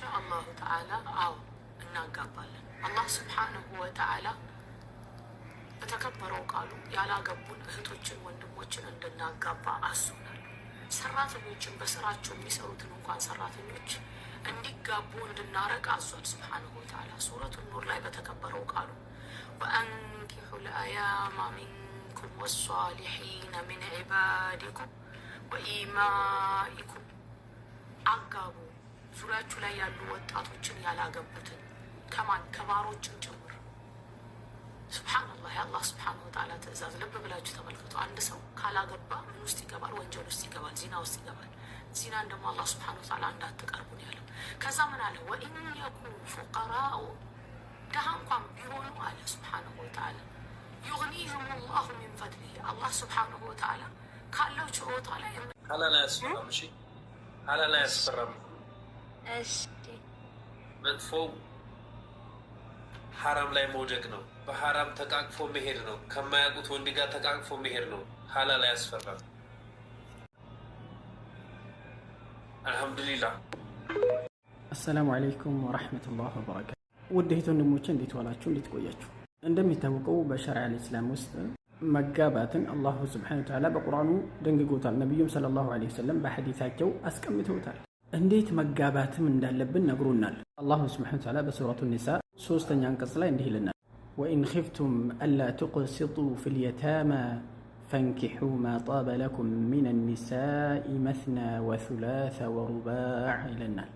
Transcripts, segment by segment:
ሲላቸው አላሁ ተዓላ አዎ እናጋባለን። አላህ ስብሓንሁ ወተዓላ በተከበረው ቃሉ ያላገቡን እህቶችን ወንድሞችን እንድናጋባ አሱናል። ሰራተኞችን በስራቸው የሚሰሩትን እንኳን ሰራተኞች እንዲጋቡ እንድናረቅ አዟል ስብሓንሁ ወተዓላ ሱረቱ ኑር ላይ በተከበረው ቃሉ ወአንኪሑ ልአያማ ሚንኩም ወሷሊሒነ ሚን ዒባዲኩም ወኢማኢኩም አጋቡ ዙሪያችሁ ላይ ያሉ ወጣቶችን ያላገቡትን ከማን ከባሮችን ጭምር ሱብሓነላህ የአላህ ሱብሓነሁ ወተዓላ ትእዛዝ ልብ ብላችሁ ተመልክቶ አንድ ሰው ካላገባ ምን ውስጥ ይገባል? ወንጀል ውስጥ ይገባል፣ ዚና ውስጥ ይገባል። ዚናን ደግሞ አላህ ሱብሓነሁ ወተዓላ እንዳትቀርቡ ነው ያለው። ከዛ ምን አለ? ወኢን የኩኑ ፉቀራኡ ድሃ እንኳን ቢሆኑ አለ ሱብሓነሁ ወተዓላ ዩግኒህም ላሁ ሚን ፈድሊህ አላህ ሱብሓነሁ ወተዓላ ካለው ችሮታ ላይ ሀላል ያስፈራም እሺ ሀላል አያስፈራም። መጥፎው ሐራም ላይ መውደቅ ነው። በሐራም ተቃቅፎ መሄድ ነው። ከማያውቁት ወንድ ጋር ተቃቅፎ መሄድ ነው። ሐላል አያስፈራም። አልሐምዱሊላህ። አሰላሙ አለይኩም ወረሕመቱላህ ወበረካቱ። ውድ እህት ወንድሞቼ እንዴት ዋላችሁ? እንዴት ቆያችሁ? እንደሚታወቀው በሸሪዓ ልእስላም ውስጥ መጋባትን አላሁ ስብሓነሁ ወተዓላ በቁርአኑ ደንግጎታል። ነቢዩም ሰለላሁ ዐለይሂ ወሰለም በሐዲታቸው አስቀምተውታል። እንዴት መጋባትም እንዳለብን ነግሮናል። አላሁ ስብሐነ ወተዓላ በሱረቱ ኒሳ ሶስተኛ አንቀጽ ላይ እንዲህ ይልናል፣ ወኢን ኺፍቱም አላ ቱቅሲጡ ፊል የተማ ፈንኪሑ ማ ጣበ ለኩም ሚነ ኒሳኢ መስና ወሱላሰ ወሩባዕ ይለናል።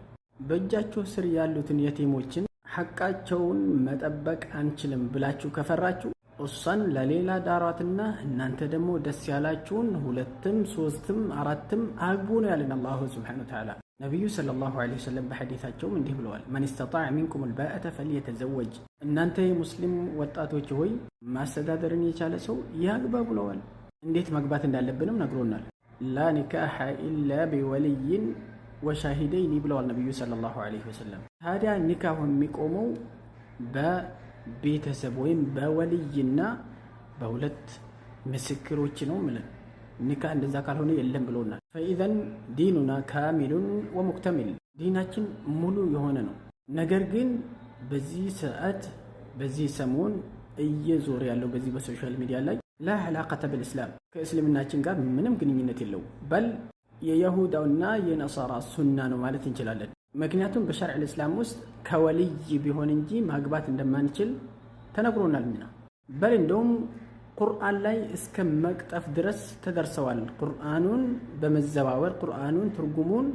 በእጃችሁ ስር ያሉትን የቲሞችን ሐቃቸውን መጠበቅ አንችልም ብላችሁ ከፈራችሁ እሷን ለሌላ ዳሯትና እናንተ ደግሞ ደስ ያላችሁን ሁለትም ሶስትም አራትም አግቡ ነው ያለን አላሁ ስብሐነ ወተዓላ። ነቢዩ ሰለላሁ ዐለይሂ ወሰለም በሐዲታቸውም እንዲህ ብለዋል፣ መን ስተጣዕ ሚንኩም ልባእተ ፈልየተዘወጅ፣ እናንተ የሙስሊም ወጣቶች ሆይ ማስተዳደርን የቻለ ሰው ያግባ ብለዋል። እንዴት መግባት እንዳለብንም ነግሮናል። ላ ኒካሐ ኢላ ቢወልይን ወሻሂደይኒ ብለዋል ነቢዩ ሰለላሁ ዐለይሂ ወሰለም። ታዲያ ኒካሁ የሚቆመው በቤተሰብ ወይም በወልይና በሁለት ምስክሮች ነው ምለን ኒካ እንደዛ ካልሆነ የለም ብሎናል። ፈኢዘን ዲኑና ካሚሉን ወሙክተሚል ዲናችን ሙሉ የሆነ ነው። ነገር ግን በዚህ ሰዓት በዚህ ሰሞን እየዞረ ያለው በዚህ በሶሻል ሚዲያ ላይ ላ ብልእስላም ከእስልምናችን ጋር ምንም ግንኙነት የለው በል የየሁዳውና የነሳራ ሱና ነው ማለት እንችላለን። ምክንያቱም በሸርዕ ልእስላም ውስጥ ከወልይ ቢሆን እንጂ ማግባት እንደማንችል ተነግሮናል። ምና በል እንደውም ቁርአን ላይ እስከ መቅጠፍ ድረስ ተደርሰዋል። ቁርአኑን በመዘባወር ቁርአኑን ትርጉሙን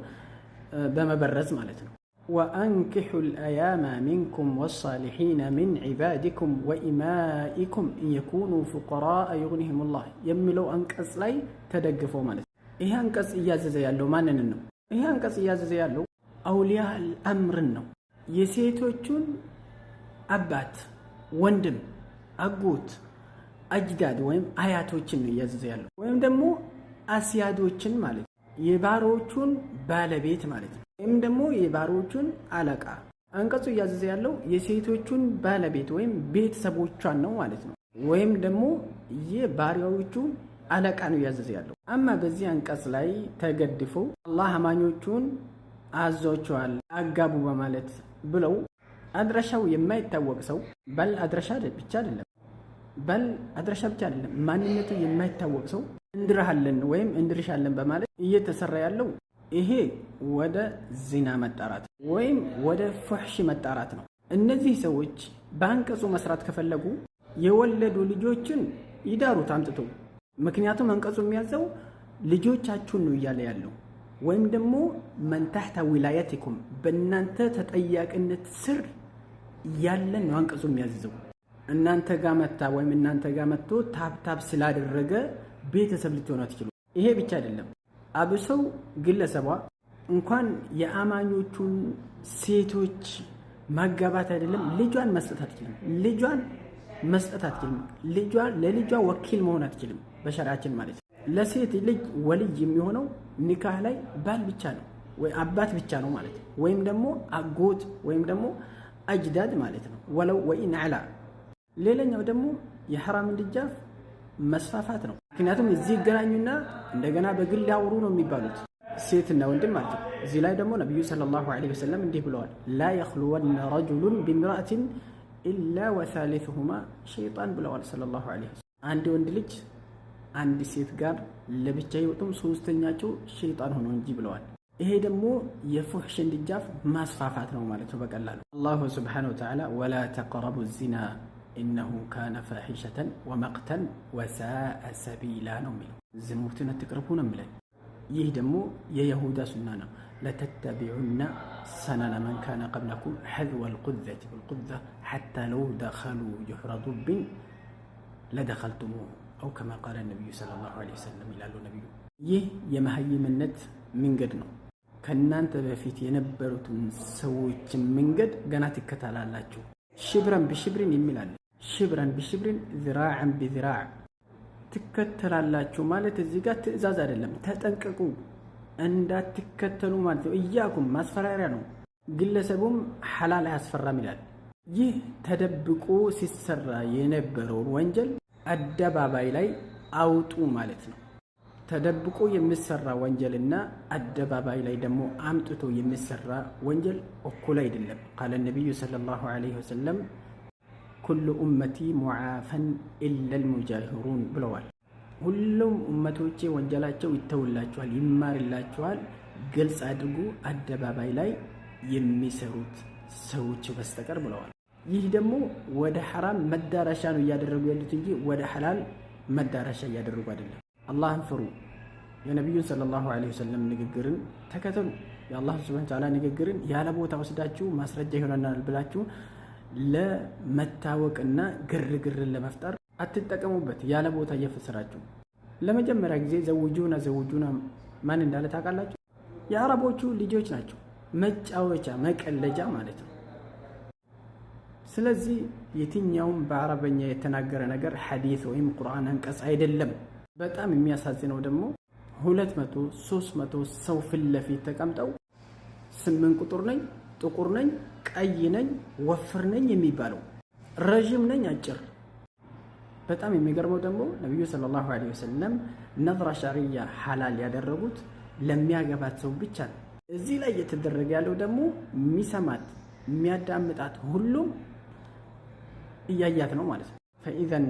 በመበረዝ ማለት ነው። ወአንኪሑ ልአያማ ሚንኩም ወሳሊሒነ ሚን ዒባዲኩም ወኢማኢኩም እየኩኑ ፉቀራአ ዩግኒህም ላህ የሚለው አንቀጽ ላይ ተደግፎ ማለት ነው። ይህ አንቀጽ እያዘዘ ያለው ማንንን ነው? ይህ አንቀጽ እያዘዘ ያለው አውሊያ አልአምርን ነው። የሴቶቹን አባት፣ ወንድም፣ አጎት አጅዳድ ወይም አያቶችን ነው እያዘዘ ያለው ወይም ደግሞ አስያዶችን ማለት ነው። የባሮቹን ባለቤት ማለት ነው። ወይም ደግሞ የባሮቹን አለቃ አንቀጹ እያዘዘ ያለው የሴቶቹን ባለቤት ወይም ቤተሰቦቿን ነው ማለት ነው። ወይም ደግሞ የባሪያዎቹ አለቃ ነው እያዘዘ ያለው። አማ በዚህ አንቀጽ ላይ ተገድፎ አላህ አማኞቹን አዟቸዋል አጋቡ በማለት ብለው አድራሻው የማይታወቅ ሰው በል አድራሻ ብቻ አይደለም ባል አድራሻ ብቻ አይደለም፣ ማንነቱ የማይታወቅ ሰው እንድርሃለን ወይም እንድርሻለን በማለት እየተሰራ ያለው ይሄ ወደ ዚና መጣራት ወይም ወደ ፉሕሽ መጣራት ነው። እነዚህ ሰዎች በአንቀጹ መስራት ከፈለጉ የወለዱ ልጆችን ይዳሩት አምጥቶ። ምክንያቱም አንቀጹ የሚያዘው ልጆቻችሁን ነው እያለ ያለው ወይም ደግሞ መንታህታ ዊላየትኩም በእናንተ ተጠያቂነት ስር ያለን ነው አንቀጹ የሚያዝዘው። እናንተ ጋር መታ ወይም እናንተ ጋር መጥቶ ታብታብ ስላደረገ ቤተሰብ ልትሆኑ አትችሉ። ይሄ ብቻ አይደለም፣ አብሰው ግለሰቧ እንኳን የአማኞቹን ሴቶች ማጋባት አይደለም ልጇን መስጠት አትችልም። ልጇን መስጠት አትችልም። ልጇን ለልጇ ወኪል መሆን አትችልም፣ በሸሪዓችን ማለት ነው። ለሴት ልጅ ወልይ የሚሆነው ኒካህ ላይ ባል ብቻ ነው ወይ አባት ብቻ ነው ማለት ወይም ደግሞ አጎት ወይም ደግሞ አጅዳድ ማለት ነው ወለው ወይ አላ ሌላኛው ደግሞ የሐራምን ድጃፍ መስፋፋት ነው። ምክንያቱም እዚህ ይገናኙና እንደገና በግል ሊያውሩ ነው የሚባሉት ሴትና ወንድም ማለት ነው። እዚህ ላይ ደግሞ ነቢዩ ሰለላሁ ዐለይሂ ወሰለም እንዲህ ብለዋል፣ ላ የኽልወነ ረጁሉን ቢምራእትን ኢላ ወሳሊሱሁማ ሸይጣን ብለዋል ሰለላሁ ዐለይሂ ወሰለም። አንድ ወንድ ልጅ አንድ ሴት ጋር ለብቻ ይወጡም ሶስተኛቸው ሸይጣን ሆኖ እንጂ ብለዋል። ይሄ ደግሞ የፉሕሽን ድጃፍ ማስፋፋት ነው ማለት ነው በቀላሉ አላሁ ስብሓነሁ ወተዓላ ወላ ተቀረቡ ዚና إنه كان فاحشة ومقتا وساء سبيلا نمله زموتنا تقربون ملا يهدموا يا يهودا سنانا لتتبعن سنن من كان قبلكم حذو القذة القذة حتى لو دخلوا جحر ضب لدخلتموه أو كما قال النبي صلى الله عليه وسلم إلى النبي يه يمهي منت من قدنا كنا أنت بفيت ينبرت من سويت من قد قناتك كتالا لاتشو شبرا بشبرا يميلان ሽብረን ብሽብርን ዝራዕን ቢዝራዕ ትከተላላችሁ ማለት እዚህ ጋር ትዕዛዝ አይደለም፣ ተጠንቀቁ እንዳትከተሉ ማለት ነው። እያኩም ማስፈራሪያ ነው። ግለሰቡም ሐላል አያስፈራም ይላል። ይህ ተደብቆ ሲሰራ የነበረውን ወንጀል አደባባይ ላይ አውጡ ማለት ነው። ተደብቆ የሚሰራ ወንጀል እና አደባባይ ላይ ደግሞ አምጥቶ የሚሰራ ወንጀል እኩል አይደለም። ቃለ ነቢዩ ሰለላሁ ዐለይሂ ወሰለም ኩሉ ኡመቲ ሙዓፈን ኢለል ሙጃሂሩን ብለዋል። ሁሉም ኡመቶቼ ወንጀላቸው ይተውላችኋል፣ ይማርላችኋል፣ ግልጽ አድርጉ አደባባይ ላይ የሚሰሩት ሰዎች በስተቀር ብለዋል። ይህ ደግሞ ወደ ሐራም መዳረሻ ነው እያደረጉ ያሉት እንጂ ወደ ሐላል መዳረሻ እያደረጉ አይደለም። አላህን ፍሩ፣ የነቢዩን ሰለላሁ ዐለይሂ ወሰለም ንግግርን ተከተሉ። የአላህ ስብሐነ ወተዓላ ንግግርን ያለ ቦታ ወስዳችሁ ማስረጃ ይሆነናል ብላችሁ ለመታወቅና ግርግርን ለመፍጠር አትጠቀሙበት። ያለ ቦታ እየፈሰራችሁ ለመጀመሪያ ጊዜ ዘውጁና ዘውጁና ማን እንዳለ ታውቃላችሁ? የአረቦቹ ልጆች ናቸው። መጫወቻ መቀለጃ ማለት ነው። ስለዚህ የትኛውም በአረበኛ የተናገረ ነገር ሐዲስ ወይም ቁርአን አንቀጽ አይደለም። በጣም የሚያሳዝነው ደግሞ ሁለት መቶ ሶስት መቶ ሰው ፊት ለፊት ተቀምጠው ስምንት ቁጥር ነኝ ጥቁር ነኝ፣ ቀይ ነኝ፣ ወፍር ነኝ የሚባለው ረዥም ነኝ፣ አጭር። በጣም የሚገርመው ደግሞ ነቢዩ ሰለላሁ ዐለይሂ ወሰለም ነዝራ ሸርያ ሐላል ያደረጉት ለሚያገባት ሰው ብቻ ነው። እዚህ ላይ እየተደረገ ያለው ደግሞ የሚሰማት የሚያዳምጣት ሁሉም እያያት ነው ማለት ነው። ፈኢዘን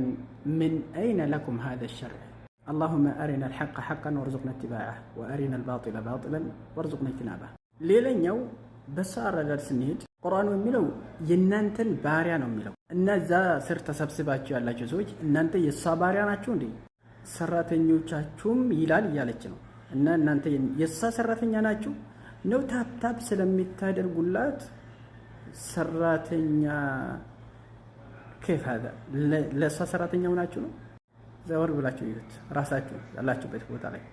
ምን አይነ ለኩም ሀዘ ሸርዕ አላሁመ አሪና ልሐቀ ሐቀን ወርዙቅና ትባዓ ወአሪና ልባጢለ ባጢለን ወርዙቅና ትናባ ሌላኛው በሳ አረዳድ ስንሄድ ቁርአኑ የሚለው የእናንተን ባሪያ ነው የሚለው እና እዛ ስር ተሰብስባችሁ ያላቸው ሰዎች እናንተ የእሷ ባሪያ ናቸው እንዴ ሰራተኞቻችሁም ይላል እያለች ነው። እና እናንተ የእሷ ሰራተኛ ናችሁ ነው ታፕታፕ ስለሚታደርጉላት ሰራተኛ ከፋ ለእሷ ሰራተኛው ናችሁ ነው። ዘወር ብላችሁ ይዩት ራሳችሁ ያላችሁበት ቦታ ላይ